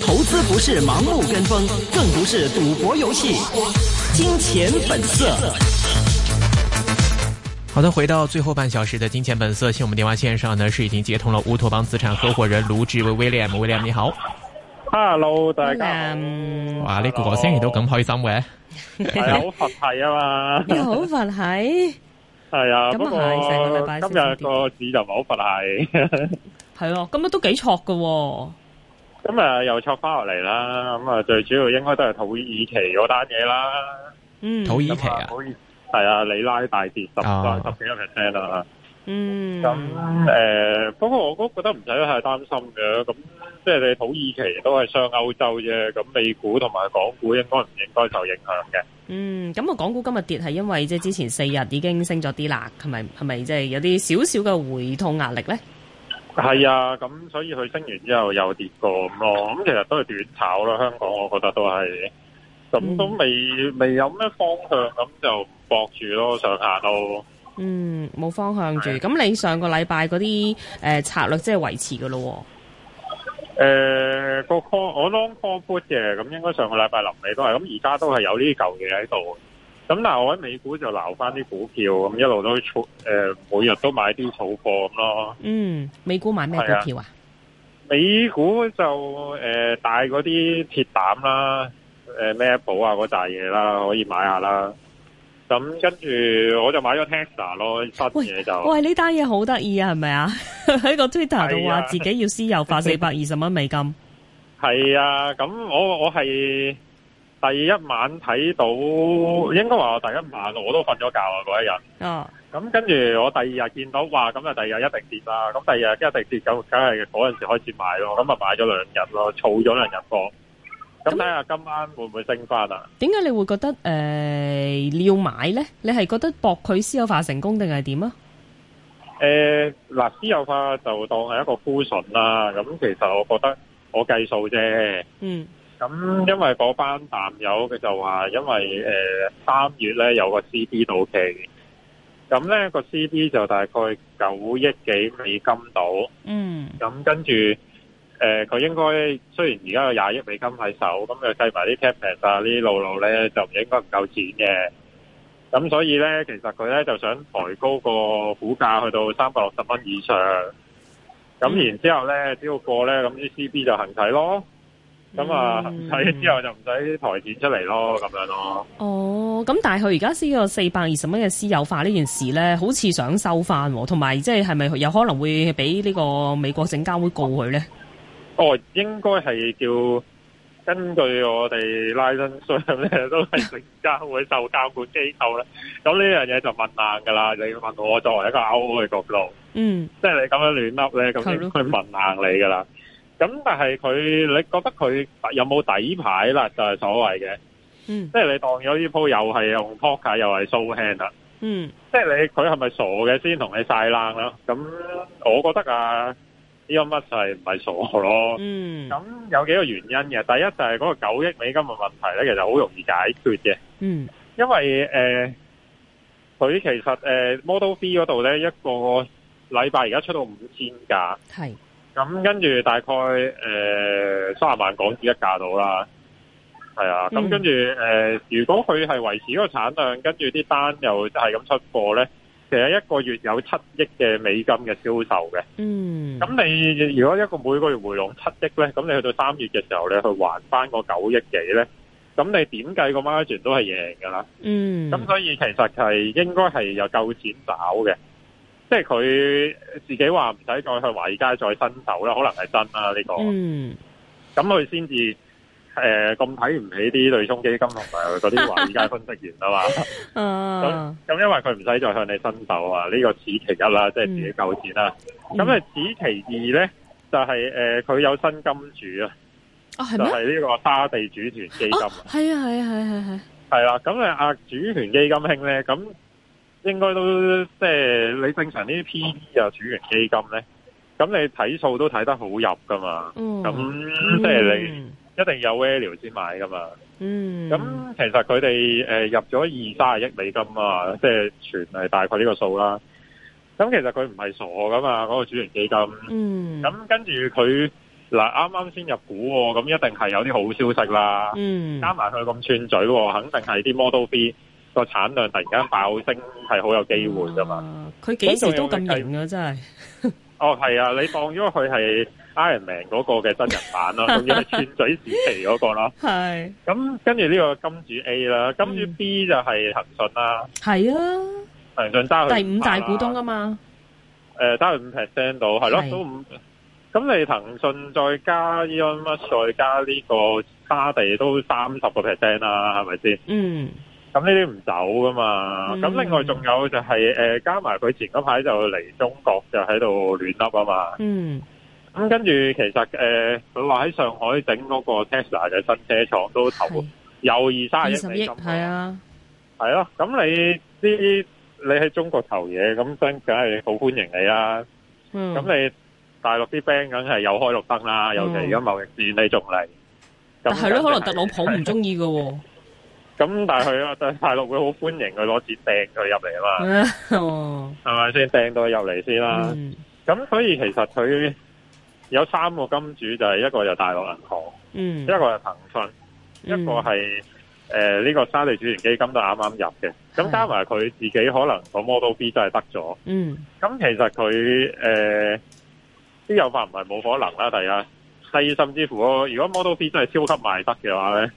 投資不是盲目跟風，更不是賭博遊戲。金錢本色。好的，回到最後半小時的金錢本色，現在我們電話線上呢是已經接通了烏托邦資產合伙人盧志威威廉，威廉你好。Hello，大家好。哇，你個個星期都咁開心嘅，係好佛系啊嘛。你好佛系。係啊，是個不過今日個市就冇佛系，係 啊，咁啊都幾挫噶，咁啊又挫翻落嚟啦，咁、嗯、啊最主要應該都係土耳其嗰單嘢啦，嗯，有土耳其啊，土耳其係啊，里拉大跌十十幾 percent 啦。嗯，咁誒、嗯、嗯、不過我都覺得唔使太擔心嘅，咁即係你土耳其都係上歐洲啫，咁美股同埋港股應該唔應該受影響嘅？嗯，咁啊，港股今日跌係因為即係之前四日已經升咗啲啦，係咪係咪即係有啲少少嘅回吐壓力咧？係啊，咁所以佢升完之後又跌過咁咯，咁其實都係短炒啦。香港我覺得都係咁都未、嗯、未有咩方向，咁就搏住咯，上下都。嗯，冇方向住。咁你上個禮拜嗰啲誒策略即係維持噶咯，哦。誒、呃，個 call 我 long call put 嘅，咁應該上個禮拜臨尾都係，咁而家都係有呢啲舊嘢喺度。咁但係我喺美股就留翻啲股票，咁一路都儲，誒、呃，每日都買啲儲貨咁咯。嗯，美股買咩股票啊？美股就誒，帶嗰啲鐵膽啦，誒、呃，咩寶啊嗰扎嘢啦，可以買下啦。咁、嗯、跟住我就買咗 Tesla 咯，啲嘢就喂呢單嘢好得意啊，係咪啊？喺 個 Twitter 度話自己要私有化四百二十蚊美金。係啊，咁我我係第一晚睇到，應該話第一晚我都瞓咗覺啊嗰一日。咁跟住我第二日見到，哇！咁啊，第二日一定跌啦。咁第二日一定跌，咁梗係嗰陣時開始買咯。咁啊買咗兩日咯，儲咗兩日貨。咁睇下今晚會唔會升翻啊？點解你會覺得誒你要買咧？你係覺得博佢私有化成功定係點啊？誒，嗱，私有化就當係一個估算啦。咁其實我覺得我計數啫。嗯。咁因為嗰班淡友佢就話，因為誒三月咧有個 C D 到期，咁咧個 C D 就大概九億幾美金到。嗯。咁跟住。誒，佢，呃、應該雖然而家有廿億美金喺手，咁佢計埋啲 CapEx 啊，啲路路咧就唔應該唔夠錢嘅。咁所以咧，其實佢咧就想抬高個股價去到三百六十蚊以上。咁然之後咧，只要過咧，咁啲 CB 就行使咯。咁啊，行使之後就唔使抬錢出嚟咯，咁樣咯、啊。哦、嗯、咁、嗯嗯、但係佢而家先個四百二十蚊嘅私有化呢件事咧，好似想收翻，同埋即係係咪有可能會俾呢個美國證監會告佢咧？哦，應該係叫根據我哋拉伸率咧，都係成交會受監管機構咧。咁呢 樣嘢就問硬㗎啦。你要問我作為一個 Out 嘅角度，嗯，即係你咁樣亂笠咧，咁先去問硬你㗎啦。咁但係佢，你覺得佢有冇底牌啦？就係、是、所謂嘅，嗯，即係你當咗呢鋪又係用 Poker，又係 Show Hand 啦，嗯，即係你佢係咪傻嘅先同你晒冷啦？咁我覺得啊。呢個乜就係唔係傻咯？咁有幾個原因嘅。第一就係嗰個九億美金嘅問題咧，其實好容易解決嘅。嗯，因為誒，佢、呃、其實誒、呃、Model Three 嗰度咧，一個禮拜而家出到五千架。係是。咁跟住大概誒卅萬港紙一架到啦。係啊。咁跟住誒，如果佢係維持嗰個產量，跟住啲單又係咁出貨咧。其實一個月有七億嘅美金嘅銷售嘅，咁、嗯、你如果一個每個月回籠七億咧，咁你去到三月嘅時候咧，去還翻個九億幾咧，咁你點計個 margin 都係贏噶啦，咁所以其實係應該係有夠錢找嘅，即係佢自己話唔使再去華爾街再伸手啦，可能係真啦呢、這個，咁佢先至。誒，咁睇唔起啲對沖基金同埋嗰啲華爾街分析員啊嘛，咁咁因為佢唔使再向你伸手啊，呢個此其一啦，即係自己夠錢啦。咁啊，此其二咧，就係誒，佢有新金主啊，就係呢個沙地主權基金。係啊係啊係係係，係啦。咁啊，主權基金興咧，咁應該都即係你正常呢啲 P E 啊，主權基金咧，咁你睇數都睇得好入噶嘛。咁即係你。一定有 value 先買噶嘛，嗯，咁、啊、其實佢哋、呃、入咗二三十億美金啊，即係全係大概呢個數啦。咁其實佢唔係傻噶嘛，嗰、那個主權基金，嗯，咁、啊、跟住佢嗱啱啱先入股喎、哦，咁一定係有啲好消息啦，嗯，加埋佢咁串嘴、哦，肯定係啲 Model B 個產量突然間爆升係好有機會噶嘛。佢幾時都咁勁啊，真係是！ 哦，係啊，你當咗佢係 Iron Man 嗰個嘅真人版咯，仲要係串嘴時期嗰個咯。係咁，跟住呢個金主 A 啦，金主 B 就係騰訊啦。係啊，騰訊揸佢第五大股東啊嘛。誒、呃，揸佢五 percent 到係咯，是啊、是都五咁。那你騰訊再加 Elon Musk，再加呢個沙地都三十個 percent 啦，係咪先？嗯。咁呢啲唔走噶嘛？咁另外仲有就係誒，加埋佢前嗰排就嚟中國就喺度亂笠啊嘛。嗯。咁跟住其實誒，佢話喺上海整嗰個 Tesla 嘅新車廠都投，有二三十億。二十億係啊。係咯，咁你呢啲你喺中國投嘢，咁真梗係好歡迎你啦。嗯。咁你大陸啲 band 梗係有開綠燈啦，尤其而家貿易戰你仲嚟。但係咧，可能特朗普唔中意嘅喎。咁 但係佢啊，對大陸會好歡迎佢攞錢掟佢入嚟啊嘛，係咪先掟到佢入嚟先啦？咁所以其實佢有三個金主，就係、是、一個就大陸銀行，嗯，一個係騰訊，嗯、一個係誒呢個沙地主權基金都啱啱入嘅。咁、嗯、加埋佢自己可能個 Model B 真係得咗，嗯。咁其實佢誒啲有法唔係冇可能啦，大家，細甚至乎如果 Model B 真係超級賣得嘅話咧。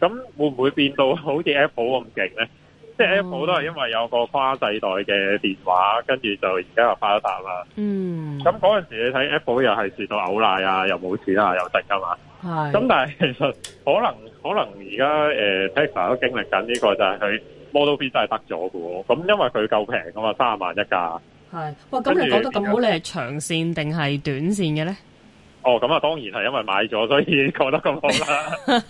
咁會唔會變到好似 Apple 咁勁咧？即係 Apple、嗯、都係因為有個跨世代嘅電話，跟住就而家又發咗達啦。嗯。咁嗰陣時你睇 Apple 又係蝕到嘔奶啊，又冇錢啊，又得噶嘛？係的。咁但係其實可能可能而家誒 Tesla 都經歷緊、這、呢個，就係、是、佢 Model B 真係得咗㗎喎。咁因為佢夠平啊嘛，三十萬一架。係。咁你覺得咁好，你係長線定係短線嘅咧？哦，咁啊，當然係因為買咗，所以覺得咁好啦。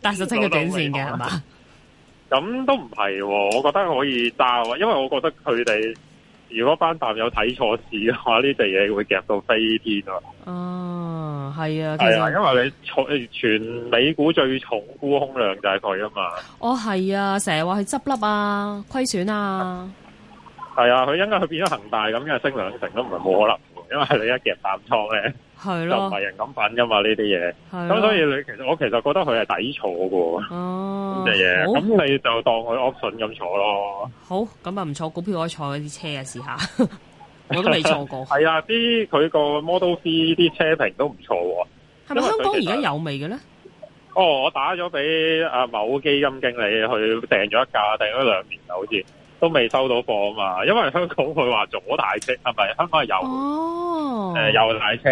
但係就真係短線嘅係嘛？咁 都唔係、哦，我覺得可以揸，因為我覺得佢哋如果班淡友睇錯市嘅話，呢隻嘢會夾到飛天啊！哦，係啊，係啊，因為你全全美股最重沽空量就係佢啊嘛。哦，係啊，成日話佢執笠啊，虧損啊，係 啊，佢應該佢變咗恒大咁，因為升兩成都唔係冇可能。因為你一夾擔當咧，係咯的，就係人咁品噶嘛，呢啲嘢，咁的所以你其實我其實覺得佢係抵坐嘅，呢啲嘢，咁好你就當佢 option 咁坐咯。好，咁啊唔錯股票可以坐啲車啊試下， 我都未坐過。係啊， 啲佢個 model C 啲車評都唔錯，係咪香港而家有未嘅咧？哦，我打咗俾阿某基金經理去訂咗一架，訂咗兩年啦，好似都未收到貨啊嘛，因為香港佢話左大車係咪香港係有？啊誒右軚車，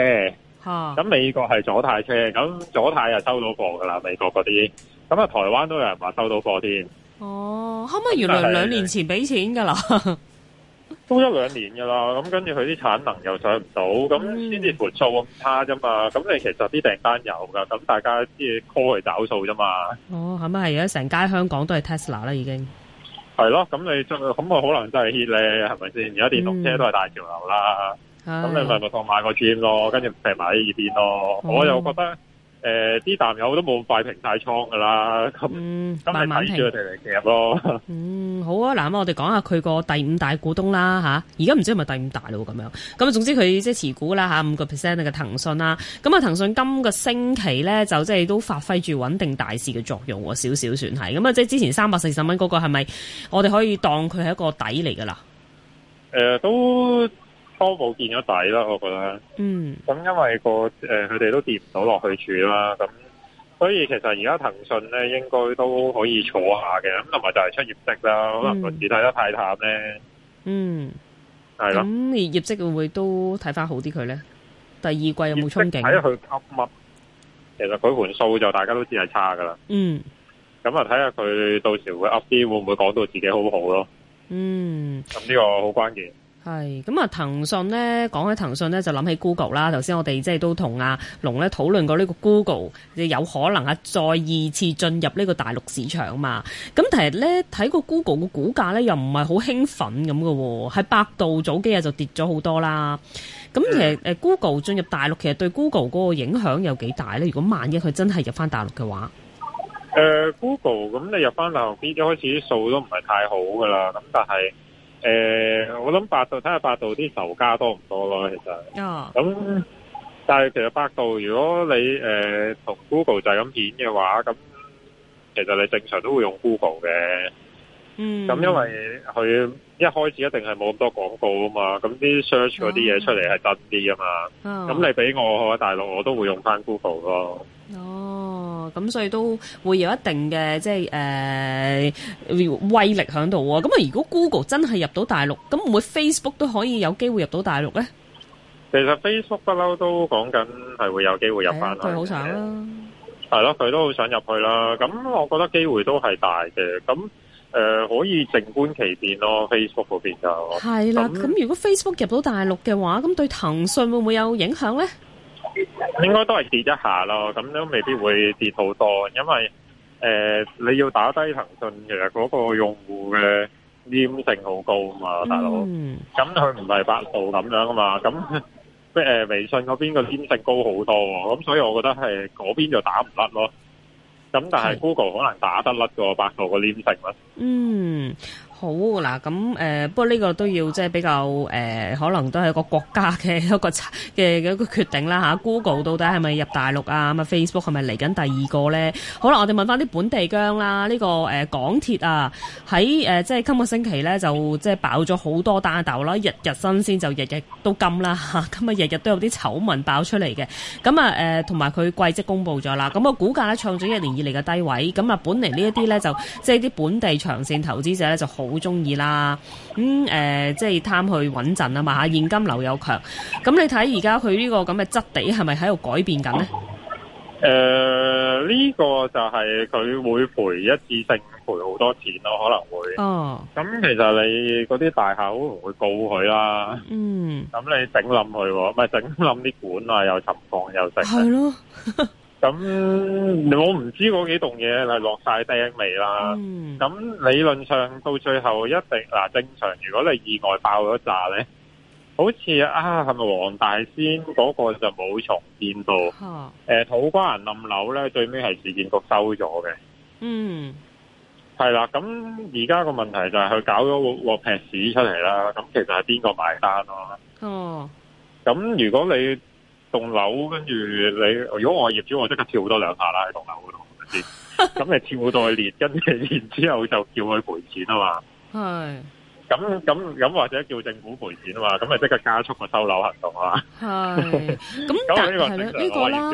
咁、啊、美國係左軚車，咁左軚又收到貨噶啦，美國嗰啲，咁啊台灣都有人話收到貨添。哦，可唔可以原來兩年前俾錢噶啦， 都一兩年噶啦，咁跟住佢啲產能又上唔到，咁先至盤數咁差啫嘛。咁你其實啲訂單有噶，咁大家即係 call 去找數啫嘛。哦，咁屘係而家成街香港都係 Tesla 啦，已經。係咯，咁你咁啊，可能真係 hit 咧，係咪先？而家電動車都係大潮流啦。嗯。咁、啊、你咪咪當買個錢咯，跟住劈埋喺耳邊咯。啊、我又覺得誒，啲、呃、淡友都冇咁快平晒倉噶啦。咁咁咪，慢慢平，佢哋嚟夾咯。嗯，好啊。嗱，咁我哋講下佢個第五大股東啦，吓。而家唔知係咪第五大咯咁樣。咁啊，總之佢即係持股啦，吓五個 percent 嘅騰訊啦。咁啊，騰訊今個星期咧就即係都發揮住穩定大市嘅作用，少少算係。咁啊，即係之前三百四十蚊嗰個係咪？我哋可以當佢係一個底嚟噶啦。誒、呃，都。多冇見咗底啦，我覺得。嗯。咁因為個誒，佢、呃、哋都跌唔到落去處啦。咁，所以其實而家騰訊咧，應該都可以坐下嘅。咁同埋就係出業績啦。可能個市睇得太淡咧，嗯。嗯。係啦。咁你業績會唔會都睇翻好啲佢咧？第二季有冇憧憬？睇下佢吸乜？其實佢盤數就大家都知係差噶啦。嗯。咁啊，睇下佢到時會 up 啲，會唔會講到自己好好咯？嗯。咁呢個好關鍵。係咁啊！騰訊咧講起騰訊咧就諗起 Google 啦。頭先我哋即係都同阿龍咧討論過呢個 Google，即有可能啊再二次進入呢個大陸市場嘛。咁其實咧睇個 Google 嘅股價咧又唔係好興奮咁嘅，喺百度早幾日就跌咗好多啦。咁其實誒 Google 進入大陸、嗯、其實對 Google 嗰個影響有幾大咧？如果萬一佢真係入翻大陸嘅話，誒、呃、Google 咁你入翻大陸啲一開始啲數都唔係太好噶啦。咁但係。誒、呃，我諗百度睇下百度啲仇家多唔多咯，其實。咁、oh. 嗯，但係其實百度，如果你誒同、呃、Google 就咁比嘅話，咁其實你正常都會用 Google 嘅。嗯。咁因為佢一開始一定係冇咁多廣告啊嘛，咁啲 search 嗰啲嘢出嚟係真啲啊嘛。咁、oh. oh. 嗯、你俾我，我大陸我都會用翻 Google 咯。哦，咁所以都會有一定嘅即係誒、呃、威力喺度喎。咁啊，如果 Google 真係入到大陸，咁唔會 Facebook 都可以有機會入到大陸呢？其實 Facebook 不嬲都講緊係會有機會入翻去，佢好、欸、想啦。係咯，佢都好想入去啦。咁我覺得機會都係大嘅。咁、呃、可以靜觀其變咯。Facebook 嗰邊就係啦。咁那如果 Facebook 入到大陸嘅話，咁對騰訊會唔會有影響呢？應該都係跌一下咯，咁都未必會跌好多，因為誒、呃、你要打低騰訊，其實嗰個用戶嘅黏性好高啊嘛，大佬。嗯。咁佢唔係百度咁樣啊嘛，咁即係微信嗰邊個黏性高好多，咁所以我覺得係嗰邊就打唔甩咯。咁但係 Google 可能打得甩過百度個黏性啦。嗯。Mm. 好嗱，咁誒，不過呢個都要即係比較誒，可能都係一個國家嘅一個嘅一,一,一個決定啦、嚇、Google 到底係咪入大陸啊？咁啊，Facebook 係咪嚟緊第二個咧？好啦，我哋問翻啲本地薑啦。呢、這個、呃、港鐵啊，喺即係今個星期咧就即係爆咗好多單豆啦，日日新鮮就日日都金啦嚇，咁啊日日都有啲醜聞爆出嚟嘅。咁啊同埋佢季績公布咗啦，咁、那、啊、個、股價咧創咗一年以嚟嘅低位，咁啊本嚟呢一啲咧就即係啲本地長線投資者咧就好。好中意啦，咁誒、嗯呃，即係貪去穩陣啊嘛，現金流有強，咁你睇而家佢呢個咁嘅質地係咪喺度改變緊呢？誒、呃、呢、這個就係佢會賠一次性賠好多錢咯，可能會。哦。咁其實你嗰啲大廈會告佢啦。嗯。咁你整冧佢，咪整冧啲管啊？又沉降又成。係咯是的。 咁我唔知嗰幾棟嘢係落晒釘未啦？咁、嗯、理論上到最後一定嗱，正常，如果你意外爆咗炸咧，好似啊，係咪黃大仙嗰個就冇重建到？誒、啊啊、土瓜灣冧樓咧，最尾係市建局收咗嘅。嗯，係啦。咁而家個問題就係佢搞咗鑊劈屎出嚟啦。咁其實係邊個埋單咯、啊？哦、啊。咁如果你？棟樓跟住你，如果我係業主，我即刻跳多兩下啦，喺棟樓嗰度，咪先？咁你跳到去年跟住然之後，就叫佢賠錢啦嘛。係。 咁咁咁或者叫政府賠錢啊嘛，咁咪即刻加速個收樓行動啊！ 係，咁但係呢個啦。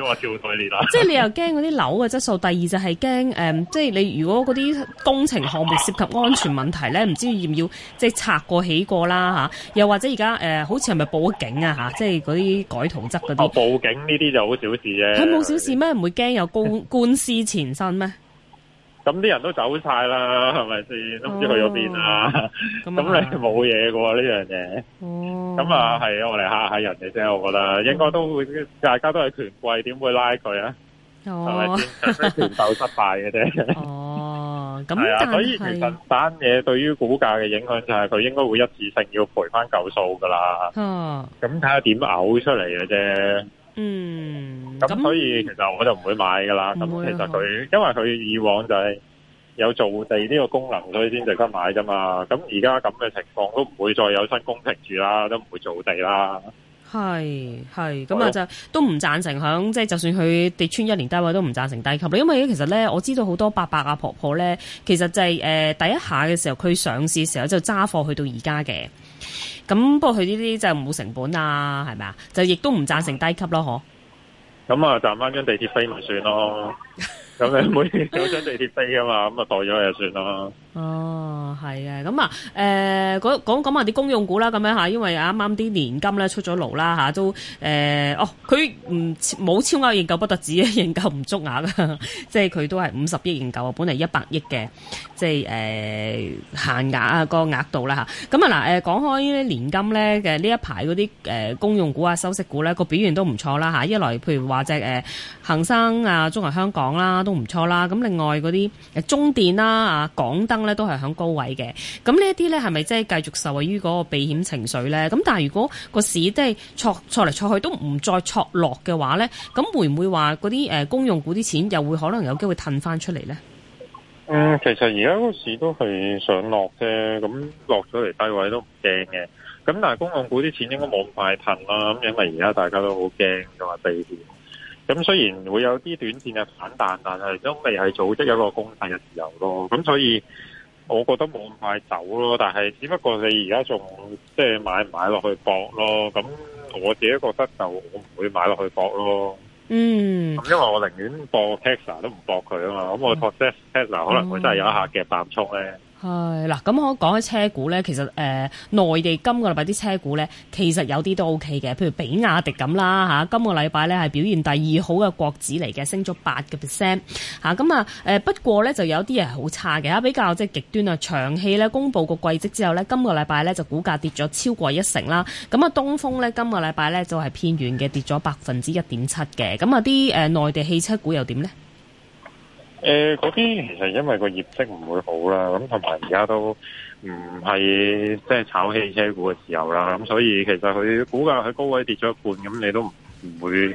即係你又驚嗰啲樓嘅質素，第二就係驚誒，即、嗯、係、就是、你如果嗰啲工程項目涉及安全問題咧，唔知要唔要即係、就是、拆過起過啦吓、啊？又或者而家誒，好似係咪報咗警啊吓？即係嗰啲改圖則嗰啲。我、啊、報警呢啲就好小事啫。佢冇小事咩？唔會驚有公 官官司纏身咩？咁啲人都走晒啦，係咪先？都唔知去咗邊啊！咁你冇嘢嘅喎呢樣嘢。哦。咁啊，係啊，我嚟嚇下人嘅啫，我覺得應該都會，大家都係權貴，點會拉佢啊？哦。係咪先？咩權鬥失敗嘅啫。哦。係啊，所以其實單嘢對於股價嘅影響就係佢應該會一次性要賠翻夠數嘅啦。哦。咁睇下點嘔出嚟嘅啫。嗯，咁、嗯、所以其實我就唔會買噶啦。咁、嗯，其實佢、嗯、因為佢以往就係有造地呢個功能，所以先值得買啫嘛。咁而家咁嘅情況都唔會再有新工程住啦，都唔會造地啦。係係，咁啊以就都唔贊成響即係，就，是、就算佢跌穿一年單位都唔贊成低級嘅，因為其實咧我知道好多八伯，伯阿婆婆咧，其實就係、是、誒、呃，第一下嘅時候佢上市時候就揸貨去到而家嘅。咁不過佢呢啲就冇成本啊，係咪啊？就亦都唔贊成低級咯，嗬？咁啊，賺翻張地鐵飛咪算咯。咁你每日有張地鐵飛啊嘛，咁啊代咗佢就算咯。哦，係啊，咁、嗯、啊，誒、嗯，講講講啲公用股啦，咁樣吓，因為啱啱啲年金咧出咗爐啦吓，都誒、嗯，哦，佢唔冇超額認購不特止啊，認購唔足額噶，即係佢都係五十億認購啊，本嚟一百億嘅，即係誒、嗯、限額、個額度啦吓。咁啊嗱，誒、嗯、講開呢啲年金咧嘅呢一排嗰啲誒公用股啊、收息股咧個表現都唔錯啦吓，一來譬如話隻誒恒生啊、中銀香港啦都唔錯啦，咁、嗯、另外嗰啲誒中電啦啊、港燈。咧，都係喺高位嘅。咁呢一啲咧係咪即係繼續受惠於嗰個避險情緒咧？咁但係如果個市即係挫嚟挫去都唔再挫落嘅話咧，咁會唔會話嗰啲誒公用股啲錢又會可能有機會褪翻出嚟咧？嗯，其實而家個市都係上落啫，咁落咗嚟低位都唔驚嘅。咁但係公用股啲錢應該冇咁快褪啦，咁因為而家大家都好驚嘅話避險。咁雖然會有啲短線嘅反彈，但係都未係組織有個攻勢嘅時候咯。咁所以。我覺得冇咁快走咯，但係只不過你而家仲即係買唔買落去博咯？咁我自己覺得就我唔會買落去博咯。嗯，咁因為我寧願博 Tesla 都唔博佢啊嘛。咁我 process Tesla 可能會真係有一下嘅彈出咧。係啦，咁我講起車股呢，其實誒，內、呃、地今個禮拜啲車股呢，其實有啲都 O K 嘅，譬如比亞迪咁啦吓，今個禮拜呢係表現第二好嘅國指嚟嘅，升咗八個 percent 吓，咁啊誒、啊，不過呢，就有啲嘢好差嘅，啊，比較即係極端啊，長汽呢，公布個季績之後呢，今個禮拜呢就股價跌咗超過一成啦，咁啊，東風呢，今個禮拜呢就係、是、偏軟嘅，跌咗百分之一點七嘅，咁啊啲誒內地汽車股又點呢？誒，嗰啲、呃、其實因為個業績唔會好啦，咁同埋而家都唔係即係炒汽車股嘅時候啦，咁所以其實佢股價喺高位跌咗一半，咁你都唔會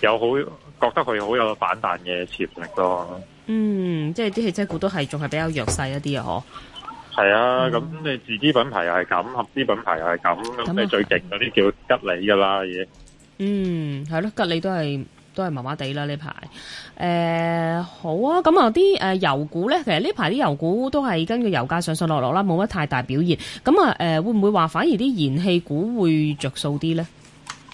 有好覺得佢好有反彈嘅潛力咯。啊、嗯，即係啲汽車股都係仲係比較弱勢一啲呀？嗬。係啊，咁、嗯、你自資品牌又係咁，合資品牌又係咁，咁你最勁嗰啲叫吉利噶啦已經。嗯，係咯，吉利都係。都係麻麻地啦呢排，誒、呃、好啊，咁啊啲誒油股咧，其實呢排啲油股都係根據油價上上落落啦，冇乜太大表現。咁啊誒，會唔會話反而啲燃氣股會着數啲咧？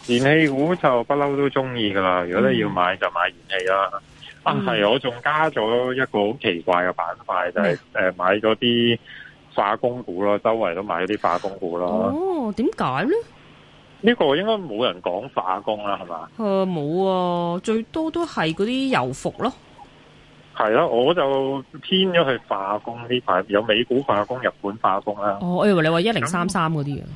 燃氣股就不嬲都中意噶啦，如果你要買就買燃氣啦。啊係、嗯，但我仲加咗一個好奇怪嘅板塊，嗯、就係誒買咗啲化工股咯，周圍都買咗啲化工股咯。哦，點解咧？呢個應該冇人講化工啦，係嘛？冇、呃、啊，最多都係嗰啲油服咯。係啦、啊，我就偏咗去化工呢塊，有美股化工、日本化工啦、哦。我以為你話一零三三嗰啲啊。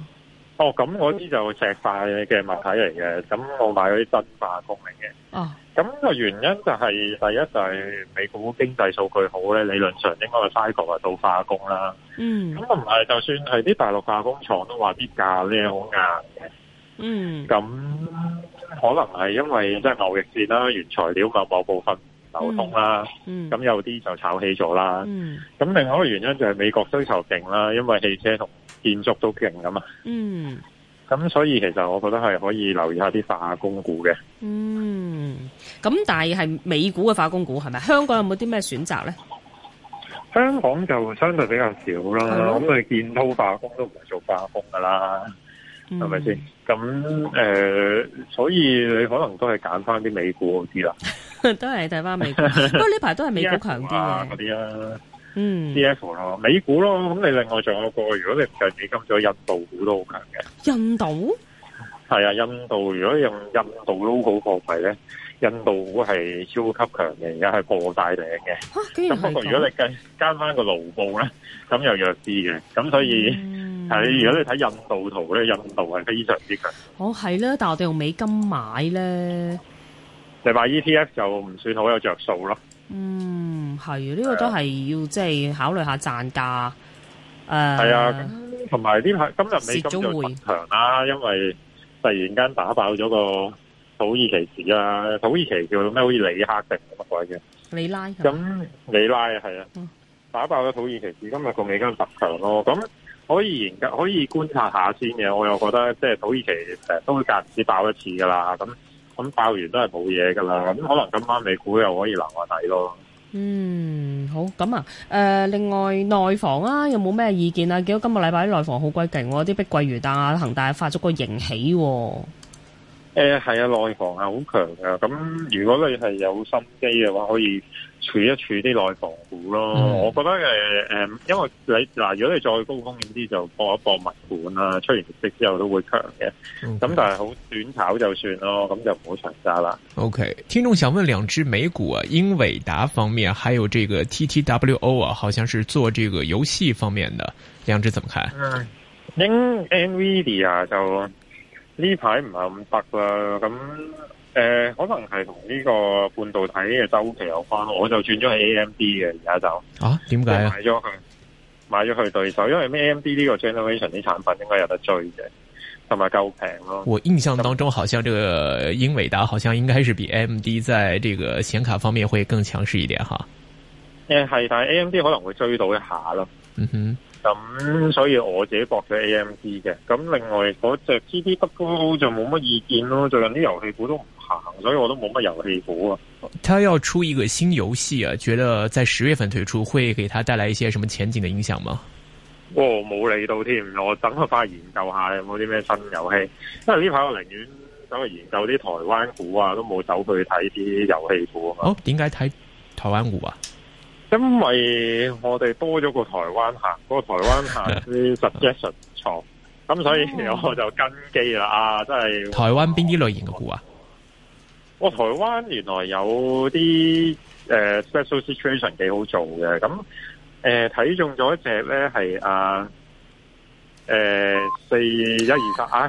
哦，咁嗰啲就石化嘅物體嚟嘅，咁我買嗰啲真化工嚟嘅。哦、啊。咁個原因就係、是、第一就係、是、美股經濟數據好咧，理論上應該係 cycle 到化工啦。嗯。咁唔係，就算係啲大陸化工廠都話啲價咧好硬嘅。嗯，咁可能係因為即係貿易戰啦，原材料某部分流通啦，咁、嗯嗯、有啲就炒起咗啦。咁、嗯、另外一個原因就係美國需求勁啦，因為汽車同建築都勁噶嘛。咁、嗯、所以其實我覺得係可以留意下啲化工股嘅。嗯，咁但係美股嘅化工股係咪？香港有冇啲咩選擇咧？香港就相對比較少啦。咁建滔化工都唔係做化工噶啦。係咪先？咁誒、嗯呃，所以你可能都係揀翻啲美股好啲啦， 都係睇翻美股。 不過呢排都係美股強啲啦。嗰啲啦，啊、嗯，C F 咯，美股咯。咁你另外仲有個，如果你唔上基金咗印度股都好強嘅。印度係啊，印度如果用印度都好過，o 掛咧，印度股係超級強嘅，而家係破大頂嘅。咁、啊、不過如果你間加翻個盧布咧，咁又弱啲嘅，咁所以。嗯係如果你睇印度圖咧，印度係非常之強。哦，係啦，但係我哋用美金買咧，買 E T F 就唔算有好有着數咯。嗯，係，呢、呢個都係要的即係考慮下賺價。誒的，係啊、呃，同埋呢排今日美金就特強啦，因為突然間打爆咗個土耳其紙啊，土耳其叫咩？好似李克定乜鬼嘅？李拉咁，李、嗯、拉係啊，打爆咗土耳其紙，今日個美金特強咯，咁。可以研究，可以觀察下先嘅。我又覺得即係土耳其誒都會隔唔止爆一次噶啦，咁咁爆完都係冇嘢噶啦。咁可能今晚美股又可以留下底咯。嗯，好咁啊。誒、呃，另外內房啊，有冇咩意見啊？見到今個禮拜啲內房好鬼勁喎，啲碧桂園啊，恒大發咗個盈喜喎。誒，係、呃、啊，內房係好強噶，咁如果你係有心機嘅話，可以儲一儲啲內房股咯。嗯、我覺得誒誒、嗯，因為你嗱，如果你再高風險啲，就博一博物管啦。出完息之後都會強嘅，咁 Okay. 但係好短炒就算咯，咁就唔好長揸啦。OK，聽眾想問兩支美股啊，英偉達方面，還有這個 TTWO 啊，好像是做這個遊戲方面的，兩支怎麼看？英、嗯、NVIDIA 就。呢排唔係咁得啦，咁誒、呃，可能係同呢個半導體嘅周期有關。我就轉咗去 AMD 嘅，而家就啊，點解啊？買咗佢，買咗佢對手，因為咩？AMD 呢個 generation 啲產品應該有得追嘅，同埋夠平咯。我印象當中，好像這個英偉達好像應該是比 AMD 在這個顯卡方面會更強勢一點哈。誒係、呃，但係 AMD 可能會追到一下咯。嗯哼。咁、嗯、所以我自己博咗 AMG 嘅，咁另外我隻 T T 不高就冇乜意見咯。最近啲遊戲股都唔行，所以我都冇乜遊戲股啊。他要出一個新遊戲啊？覺得在十月份推出會給他帶來一些什麼前景的影響嗎？我冇、哦、理到添，我等佢翻去研究下有冇啲咩新遊戲。因為呢排我寧願走去研究啲台灣股啊，都冇走去睇啲遊戲股啊。哦，點解睇台灣股啊？哦因為我哋多咗個台灣客，嗰個台灣客啲 suggestion 錯，咁 所以我就跟機啦啊！真係台灣邊啲類型嘅股啊？我、哦、台灣原來有啲誒、呃、special situation 幾好做嘅，咁誒睇中咗一隻咧係啊誒四一二三啊！